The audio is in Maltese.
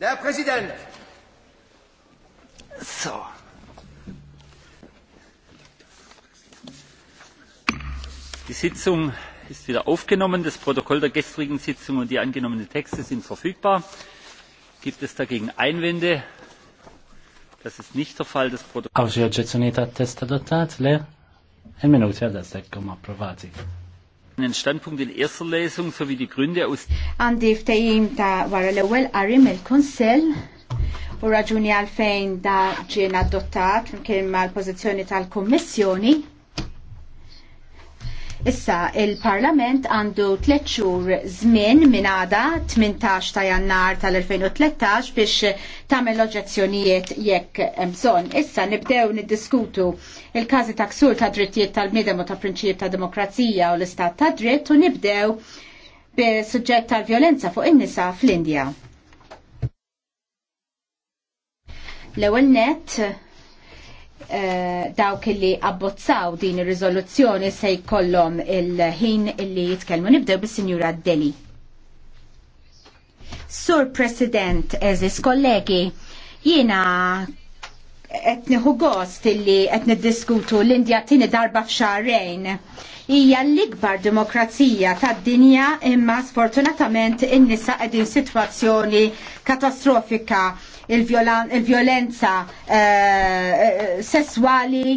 Der Präsident! So. Die Sitzung ist wieder aufgenommen. Das Protokoll der gestrigen Sitzung und die angenommenen Texte sind verfügbar. Gibt es dagegen Einwände? Das ist nicht der Fall. Das Protokoll. Awġi oġġezzjoniet għat-test adottat ja, das ist der Komma, provati. Għandi ftehim ta' wara l-ewwel qarim il Konsel. u raġuni għalfejn da ġien adottat flimkien mal-pożizzjoni tal-Kummissjoni Issa, il-Parlament għandu tliet xhur żmien minn għada 18 ta' jannar tal-2013 biex tagħmel oġezzjonijiet jekk hemm bżonn. Issa nibdew niddiskutu il-każi ta' ksur ta' drittijiet tal midem u ta' prinċip ta' demokrazija u l-istat ta' dritt u nibdew bi-suġġett tal-vjolenza fuq in-nisa fl-Indja. L-ewwel nett Eh, dawk li abbozzaw din ir-riżoluzzjoni se jkollhom il-ħin illi jitkellmu. Nibdew bis-Sinjura Deli. Sur President, eżis kollegi, jiena etniħu gost illi etni diskutu l-Indja tini darba f'xarrejn. Hija l-ikbar demokrazija tad-dinja imma sfortunatament in-nisa qegħdin sitwazzjoni katastrofika il-violenza il eh, uh, eh, sessuali